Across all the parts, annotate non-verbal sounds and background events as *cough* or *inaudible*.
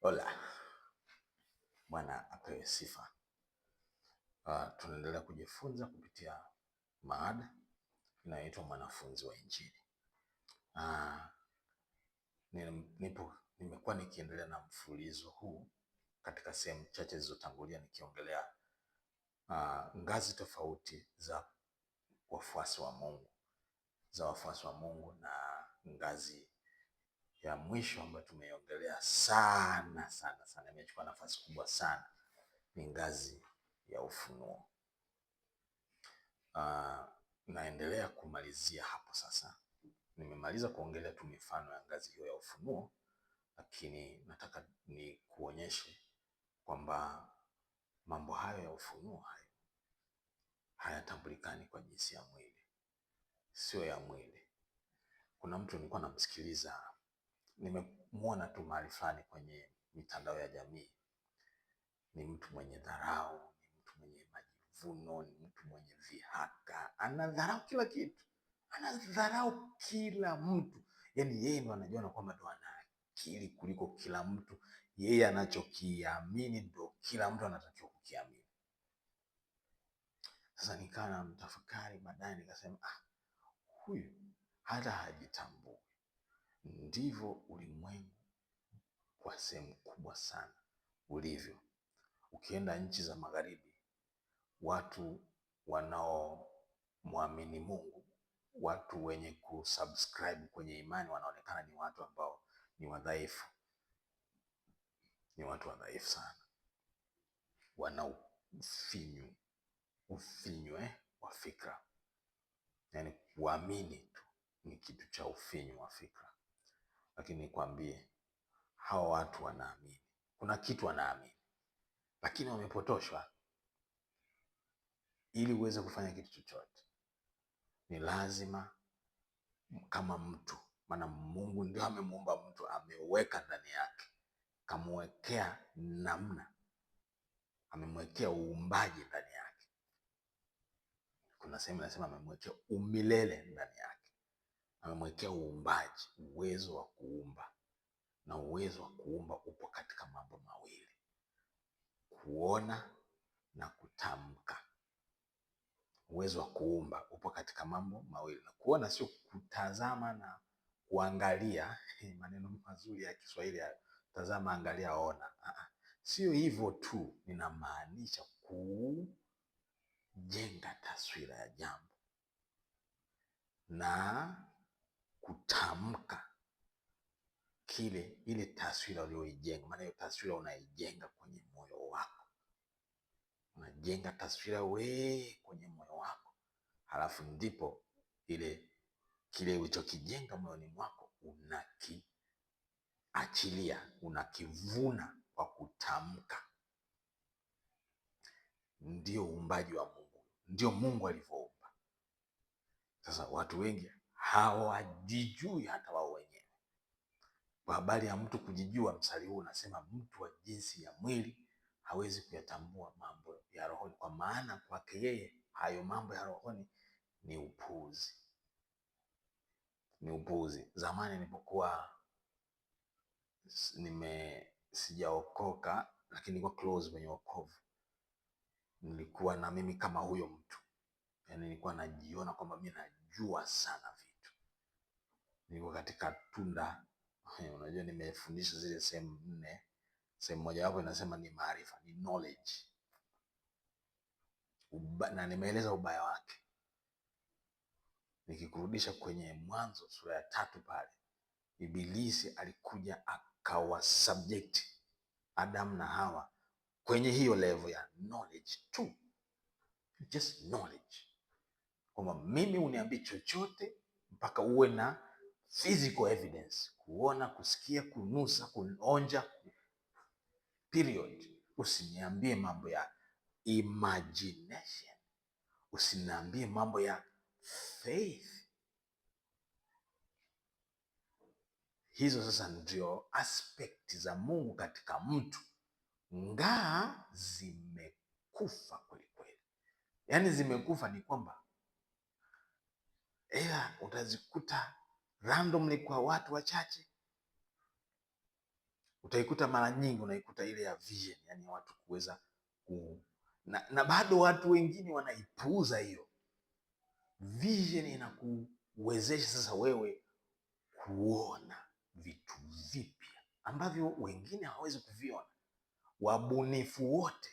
Hola, Bwana apewe sifa. Uh, tunaendelea kujifunza kupitia maada inayoitwa mwanafunzi wa Injili. Uh, nipo nimekuwa nikiendelea na mfululizo huu katika sehemu chache zilizotangulia nikiongelea uh, ngazi tofauti za wafuasi wa Mungu za wafuasi wa Mungu na ngazi ya mwisho ambayo tumeiongelea sana sana sana, imechukua nafasi kubwa sana, ni ngazi ya ufunuo. Uh, naendelea kumalizia hapo sasa. Nimemaliza kuongelea tu mifano ya ngazi hiyo ya ufunuo, lakini nataka ni kuonyeshe kwamba mambo hayo ya ufunuo hayo hayatambulikani kwa jinsi ya mwili, sio ya mwili. Kuna mtu nilikuwa namsikiliza nimemwona tu mahali fulani kwenye mitandao ya jamii, ni mtu mwenye dharau, ni mtu mwenye majivuno, ni mtu mwenye dhihaka, anadharau kila kitu, anadharau kila mtu. Yani yeye ndo anajiona kwamba ndo ana akili kuliko kila mtu, yeye anachokiamini ndo kila mtu anatakiwa kukiamini. Sasa nikawa namtafakari, baadaye nikasema ah, huyu hata hajitambui ndivyo ulimwengu kwa sehemu kubwa sana ulivyo. Ukienda nchi za magharibi, watu wanaomwamini Mungu, watu wenye kusubscribe kwenye imani wanaonekana ni watu ambao ni wadhaifu, ni watu wadhaifu sana, wana ufinyu ufinywe eh, wa fikra, yani kuamini tu ni kitu cha ufinyu wa fikra. Lakini nikwambie, hawa watu wanaamini kuna kitu wanaamini, lakini wamepotoshwa. Ili uweze kufanya kitu chochote, ni lazima kama mtu, maana Mungu ndio amemuumba mtu, ameweka ndani yake, kamwekea namna, amemwekea uumbaji ndani yake. Kuna sehemu inasema amemwekea umilele ndani yake amemwekea uumbaji, uwezo wa kuumba, na uwezo wa kuumba upo katika mambo mawili: kuona na kutamka. Uwezo wa kuumba upo katika mambo mawili, na kuona sio kutazama na kuangalia. Eh, maneno mazuri ya Kiswahili ya tazama, angalia, ona. Sio hivyo tu, ninamaanisha kujenga taswira ya jambo na kutamka kile ile taswira uliyoijenga, maana hiyo taswira unaijenga kwenye moyo wako, unajenga taswira wee kwenye moyo wako, halafu ndipo ile kile ulichokijenga moyoni mwako unakiachilia, unakivuna kwa kutamka. Ndio uumbaji wa Mungu, ndio Mungu alivyoumba. Sasa watu wengi hawajijui hata wao wenyewe. Kwa habari ya mtu kujijua, msali huu unasema mtu wa jinsi ya mwili hawezi kuyatambua mambo ya rohoni, kwa maana kwake yeye hayo mambo ya rohoni ni upuuzi, ni upuuzi. Zamani nilipokuwa nime sijaokoka, lakini nilikuwa close kwenye wokovu, nilikuwa na mimi kama huyo mtu, yani nilikuwa najiona kwamba mimi najua sana niko katika tunda eh, unajua nimefundisha zile sehemu nne, sehemu mojawapo inasema ni maarifa, ni knowledge Uba, na nimeeleza ubaya wake. Nikikurudisha kwenye Mwanzo sura ya tatu pale, Ibilisi alikuja akawa subject Adam na Hawa kwenye hiyo level ya knowledge tu, just knowledge, kwamba mimi uniambii chochote mpaka uwe na physical evidence, kuona, kusikia, kunusa, kuonja, period. Usiniambie mambo ya imagination, usiniambie mambo ya faith. Hizo sasa ndio aspect za Mungu katika mtu, ngaa zimekufa kwelikweli. Yaani zimekufa ni kwamba ila utazikuta randomly kwa watu wachache, utaikuta mara nyingi unaikuta ile ya vision, yani watu kuweza ku na, na bado watu wengine wanaipuuza hiyo vision. Inakuwezesha sasa wewe kuona vitu vipya ambavyo wengine hawawezi kuviona. Wabunifu wote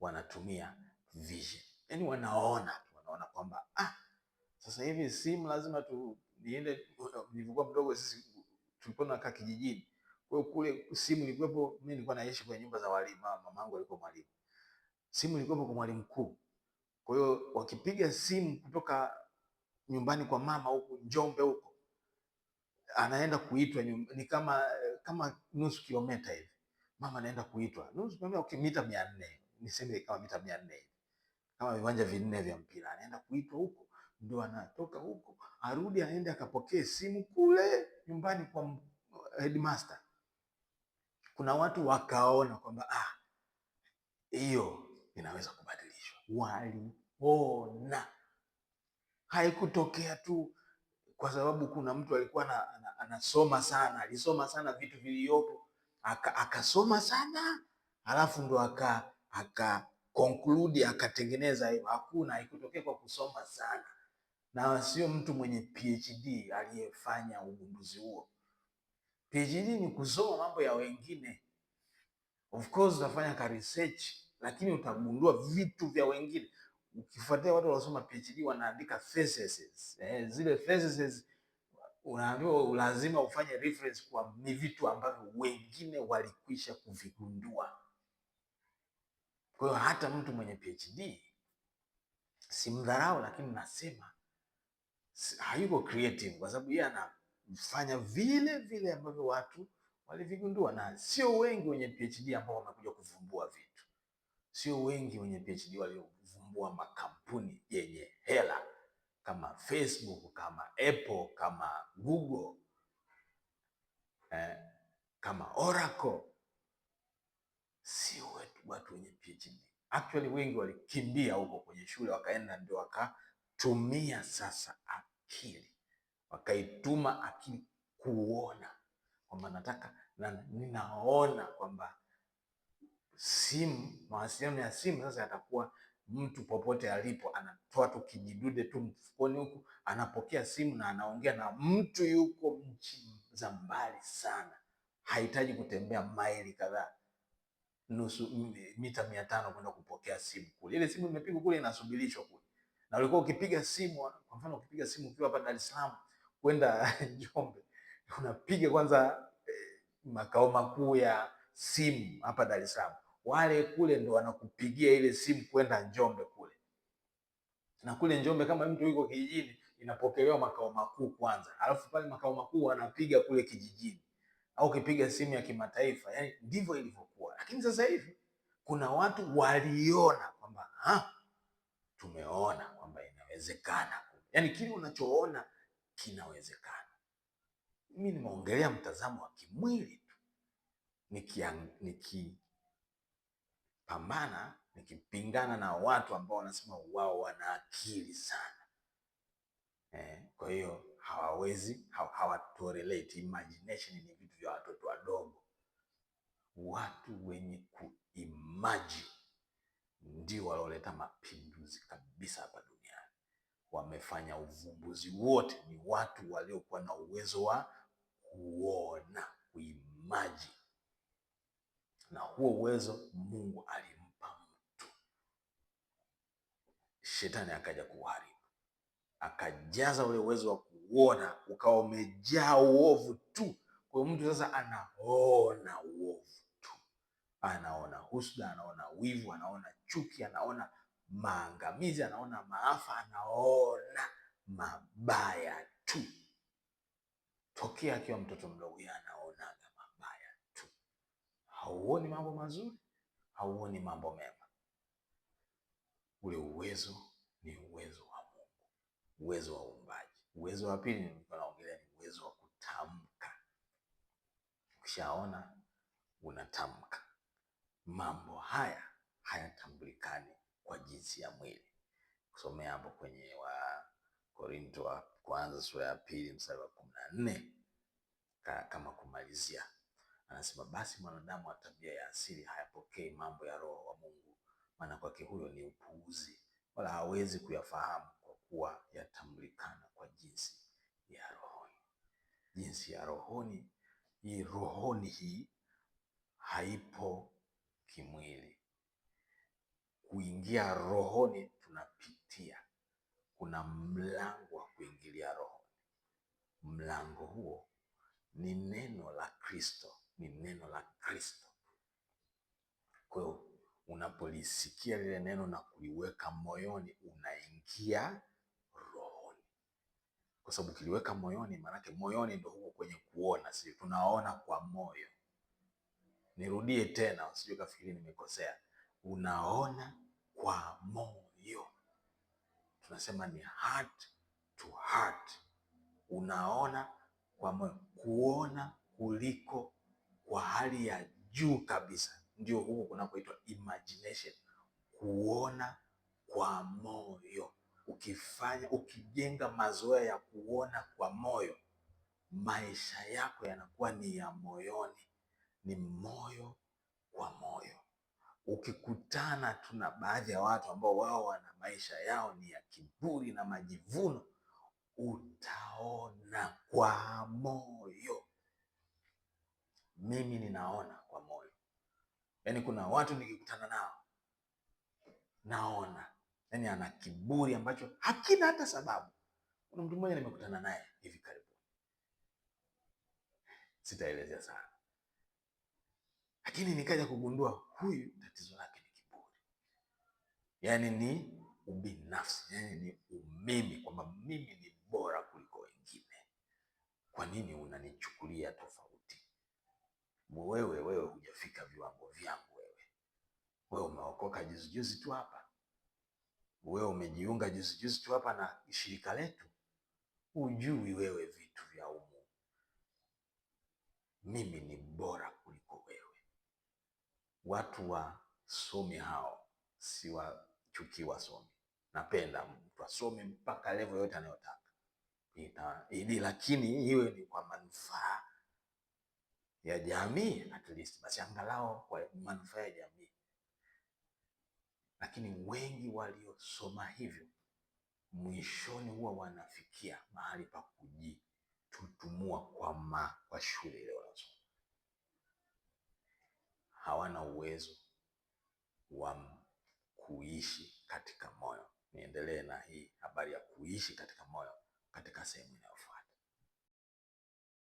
wanatumia vision, yani wanaona wanaona kwamba ah, sasa hivi simu lazima tu niende, uh, uh, nilivyokuwa mdogo sisi uh, tulikuwa tunakaa kijijini. Kwa hiyo kule simu ilikuwepo, mimi nilikuwa naishi kwenye nyumba za walimu, mama mamangu alikuwa mwalimu. Simu ilikuwepo kwa mwalimu mkuu. Kwa hiyo wakipiga simu kutoka nyumbani kwa mama huko Njombe huko anaenda kuitwa ni kama eh, kama nusu kilomita hivi, mama anaenda kuitwa nusu kilomita, okay, mita 400 niseme kama mita 400 kama viwanja vinne vya mpira, anaenda kuitwa huko ndo anatoka huko arudi aende akapokee simu kule nyumbani kwa headmaster. Kuna watu wakaona kwamba ah, hiyo inaweza kubadilishwa. Waliona haikutokea tu kwa sababu kuna mtu alikuwa anasoma sana, alisoma sana vitu viliyopo akasoma aka sana, alafu ndo aka aka conclude akatengeneza hiyo. Hakuna, haikutokea kwa kusoma sana na sio mtu mwenye PhD aliyefanya ugunduzi huo. PhD ni kusoma mambo ya wengine, of course utafanya ka research, lakini utagundua vitu vya wengine. Ukifuatia watu waliosoma PhD wanaandika theses. Eh, zile theses unaambiwa lazima ufanye reference kwa ni vitu ambavyo wengine walikwisha kuvigundua. Kwa hiyo hata mtu mwenye PhD simdharau, lakini nasema hayuko creative, kwa sababu yeye anafanya vile vile ambavyo watu walivigundua, na sio wengi wenye PhD ambao wamekuja kuvumbua vitu, sio wengi wenye PhD waliovumbua makampuni yenye hela kama Facebook, kama Apple, kama Google eh, kama Oracle. Sio watu wenye PhD actually, wengi walikimbia huko kwenye shule wakaenda ndio waka Tumia sasa akili, wakaituma akili kuona kwamba nataka na, ninaona kwamba simu, mawasiliano ya simu sasa yatakuwa mtu popote alipo anatoa tu kijidude tu mfukoni huku anapokea simu na anaongea na mtu yuko nchi za mbali sana, hahitaji kutembea maili kadhaa nusu mita mia tano kwenda kupokea simu kule. Ile simu imepigwa kule inasubirishwa kule na ulikuwa ukipiga simu, kwa mfano ukipiga simu ukiwa hapa Dar es Salaam kwenda *laughs* Njombe, unapiga kwanza eh, makao makuu ya simu hapa Dar es Salaam, wale kule ndo wanakupigia ile simu kwenda Njombe kule, na kule Njombe kama mtu yuko kijijini inapokelewa makao makuu kwanza, alafu pale makao makuu wanapiga kule kijijini, au ukipiga simu ya kimataifa. Yani ndivyo ilivyokuwa, lakini sasa hivi kuna watu waliona kwamba ah, tumeona kinawezekana, yaani kile unachoona kinawezekana. Mimi nimeongelea mtazamo wa kimwili tu, nikipambana niki nikipingana na watu ambao wanasema wao wana akili sana eh, kwa hiyo hawawezi hawatorelate. Imagination ni vitu vya watoto wadogo. Watu wenye kuimagine ndio walioleta mapinduzi kabisa hapa duniani wamefanya uvumbuzi wote ni watu waliokuwa na uwezo wa kuona, kuimaji, na huo uwezo Mungu alimpa mtu. Shetani akaja kuharibu, akajaza ule uwezo wa kuona, ukawa umejaa uovu tu. Kwa mtu sasa anaona uovu tu, anaona husda, anaona wivu, anaona chuki, anaona maangamizi, anaona maafa, anaona mabaya tu. Tokea akiwa mtoto mdogo, yeye anaonaga mabaya tu, hauoni mambo mazuri, hauoni mambo mema. Ule uwezo ni uwezo wa Mungu, uwezo wa uumbaji. Uwezo wa pili nilikuwa naongelea ni uwezo wa kutamka. Ukishaona unatamka mambo haya hayatambulikani kwa jinsi ya mwili. Kusomea hapo kwenye wa Korinto wa kwanza sura ya pili mstari wa kumi na nne kama kumalizia, anasema basi mwanadamu wa tabia ya asili hayapokei mambo ya Roho wa Mungu, maana kwake huyo ni upuuzi, wala hawezi kuyafahamu kwa kuwa yatamlikana kwa jinsi ya rohoni. Jinsi ya rohoni hii, rohoni hii haipo kimwili kuingia rohoni tunapitia. Kuna mlango wa kuingilia rohoni. Mlango huo ni neno la Kristo, ni neno la Kristo. Kwa hiyo unapolisikia lile neno na kuliweka moyoni, unaingia rohoni, kwa sababu ukiliweka moyoni, maanake moyoni ndo huko kwenye kuona, sio tunaona kwa moyo. Nirudie tena, sijui kafikiri nimekosea unaona kwa moyo, tunasema ni heart to heart. Unaona kwa moyo, kuona kuliko kwa hali ya juu kabisa, ndio huko kunakoitwa imagination, kuona kwa moyo. Ukifanya, ukijenga mazoea ya kuona kwa moyo, maisha yako yanakuwa ni ya moyoni, ni moyo kwa moyo ukikutana tu na baadhi ya watu ambao wao wana maisha yao ni ya kiburi na majivuno, utaona kwa moyo. Mimi ninaona kwa moyo, yaani kuna watu nikikutana nao naona yaani ana kiburi ambacho hakina hata sababu. Kuna mtu mmoja nimekutana naye hivi karibuni, sitaelezea sana lakini nikaja kugundua huyu tatizo lake ni kiburi, yaani ni ubinafsi, yaani ni umimi, kwamba mimi ni bora kuliko wengine. Kwa nini unanichukulia tofauti? Wewe wewe hujafika viwango vyangu, wewe wewe umeokoka juzijuzi tu hapa wewe umejiunga juzi juzi tu hapa na shirika letu, ujui wewe vitu vya umu. Mimi ni bora watu wasomi hao, siwachukii wasomi, napenda mtu asome mpaka level yote anayotaka ili, lakini iwe ni kwa manufaa ya jamii at least, basi angalau kwa manufaa ya jamii. Lakini wengi waliosoma hivyo mwishoni huwa wanafikia mahali pa kujitutumua kwa ma, kwa shule ile wanasoma hawana uwezo wa kuishi katika moyo. Niendelee na hii habari ya kuishi katika moyo katika sehemu inayo